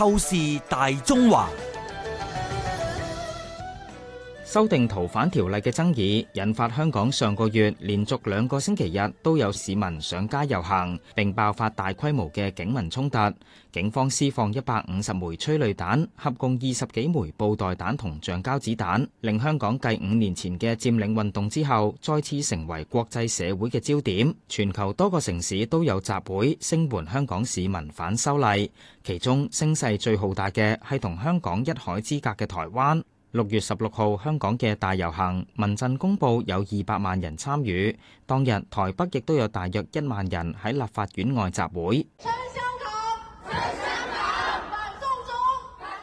透視大中華。修訂逃犯條例嘅爭議，引發香港上個月連續兩個星期日都有市民上街遊行，並爆發大規模嘅警民衝突。警方施放一百五十枚催淚彈，合共二十幾枚布袋彈同橡膠子彈，令香港繼五年前嘅佔領運動之後，再次成為國際社會嘅焦點。全球多個城市都有集會聲援香港市民反修例，其中聲勢最浩大嘅係同香港一海之隔嘅台灣。六月十六號，香港嘅大遊行，民陣公佈有二百萬人參與。當日台北亦都有大約一萬人喺立法院外集會。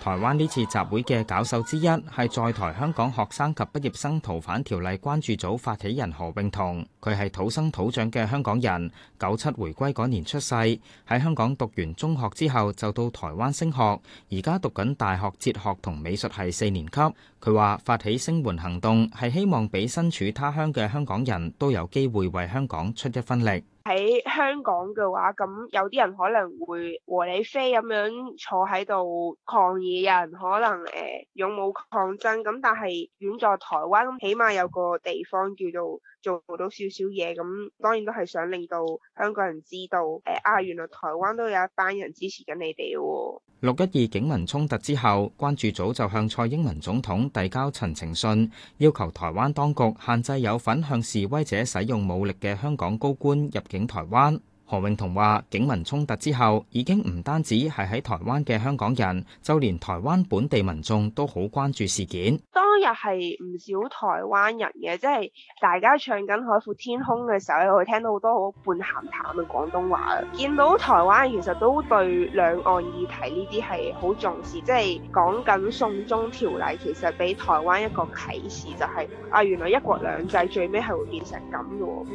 台灣呢次集會嘅搞手之一係在台香港學生及畢業生逃犯條例關注組發起人何泳彤，佢係土生土長嘅香港人，九七回歸嗰年出世，喺香港讀完中學之後就到台灣升學，而家讀緊大學哲學同美術系四年級，佢話發起聲援行動，係希望俾身處他鄉嘅香港人都有機會為香港出一分力。喺香港嘅話，咁有啲人可能會和理非咁樣坐喺度抗議，有人可能誒、呃、勇武抗爭，咁但係遠在台灣，咁起碼有個地方叫做做到少少嘢，咁當然都係想令到香港人知道，誒啊，原來台灣都有一班人支持緊你哋喎。六一二警民衝突之後，關注組就向蔡英文總統遞交陳情信，要求台灣當局限制有份向示威者使用武力嘅香港高官入境台灣。何永彤話：警民衝突之後，已經唔單止係喺台灣嘅香港人，就連台灣本地民眾都好關注事件。當日係唔少台灣人嘅，即係大家唱緊《海闊天空》嘅時候咧，我會聽到好多好半鹹淡嘅廣東話。見到台灣其實都對兩岸議題呢啲係好重視，即係講緊《送中條例》，其實俾台灣一個啟示，就係啊，原來一國兩制最尾係會變成咁嘅。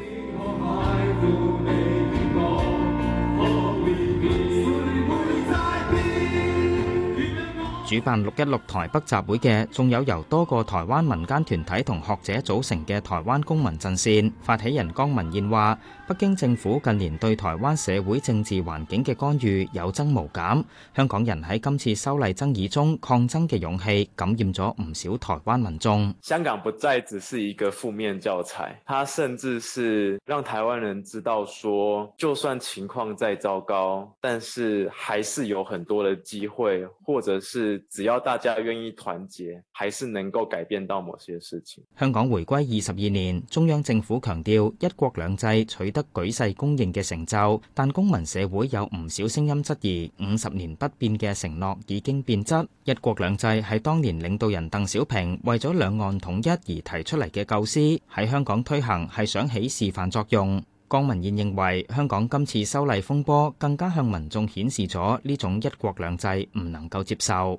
主辦六一六台北集會嘅，仲有由多個台灣民間團體同學者組成嘅台灣公民陣線，發起人江文燕話，北京政府近年對台灣社會政治環境嘅干預有增無減。香港人喺今次修例爭議中抗爭嘅勇氣感染咗唔少台灣民眾。香港不再只是一個負面教材，它甚至是讓台灣人知道說，就算情況再糟糕，但是還是有很多嘅機會，或者是。只要大家願意團結，還是能夠改變到某些事情。香港回歸二十二年，中央政府強調一國兩制取得舉世公認嘅成就，但公民社會有唔少聲音質疑五十年不變嘅承諾已經變質。一國兩制係當年領導人鄧小平為咗兩岸統一而提出嚟嘅構思，喺香港推行係想起示範作用。江文燕認為香港今次修例風波更加向民眾顯示咗呢種一國兩制唔能夠接受。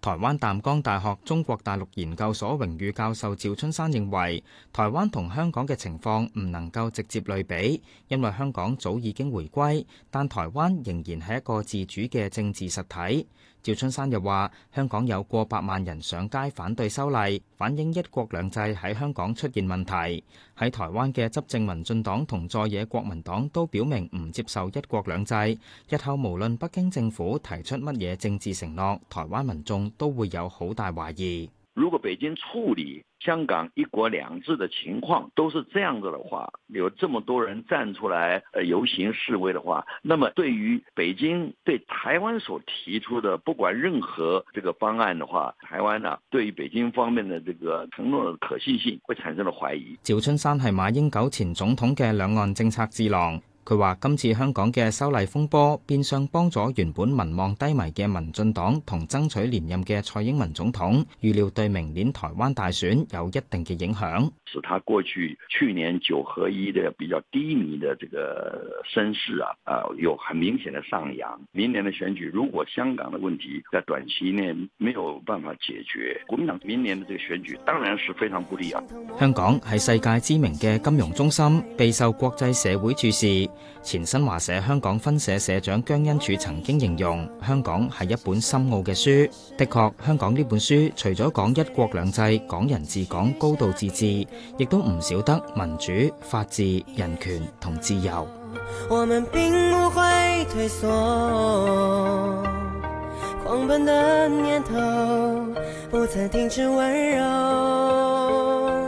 台灣淡江大學中國大陸研究所榮譽教授趙春山認為，台灣同香港嘅情況唔能夠直接類比，因為香港早已經回歸，但台灣仍然係一個自主嘅政治實體。趙春山又話，香港有過百萬人上街反對修例，反映一國兩制喺香港出現問題，喺台灣嘅執政民進黨同在野國民黨都表明唔接受一國兩制，日後無論北京政府提出乜嘢政治承諾，台灣民眾，都會有好大懷疑。如果北京處理香港一國兩制的情況都是這樣子的話，有這麼多人站出來，呃、遊行示威的話，那麼對於北京對台灣所提出的不管任何這個方案的話，台灣啊，對於北京方面的這個承諾的可信性，會產生了懷疑。趙春山係馬英九前總統嘅兩岸政策智囊。佢話今次香港嘅修例風波，變相幫咗原本民望低迷嘅民進黨同爭取連任嘅蔡英文總統。預料對明年台灣大選有一定嘅影響，使他過去去年九合一的比較低迷的這個聲勢啊，啊有很明顯的上揚。明年的選舉，如果香港嘅問題在短期內沒有辦法解決，國民黨明年的這個選舉當然是非常不利啊。香港係世界知名嘅金融中心，備受國際社會注視。前新華社香港分社社長姜恩柱曾經形容香港係一本深奧嘅書。的確，香港呢本書除咗講一國兩制、港人治港、高度自治，亦都唔少得民主、法治、人權同自由。 我們並不會退縮，狂奔的念頭，不曾停止溫柔。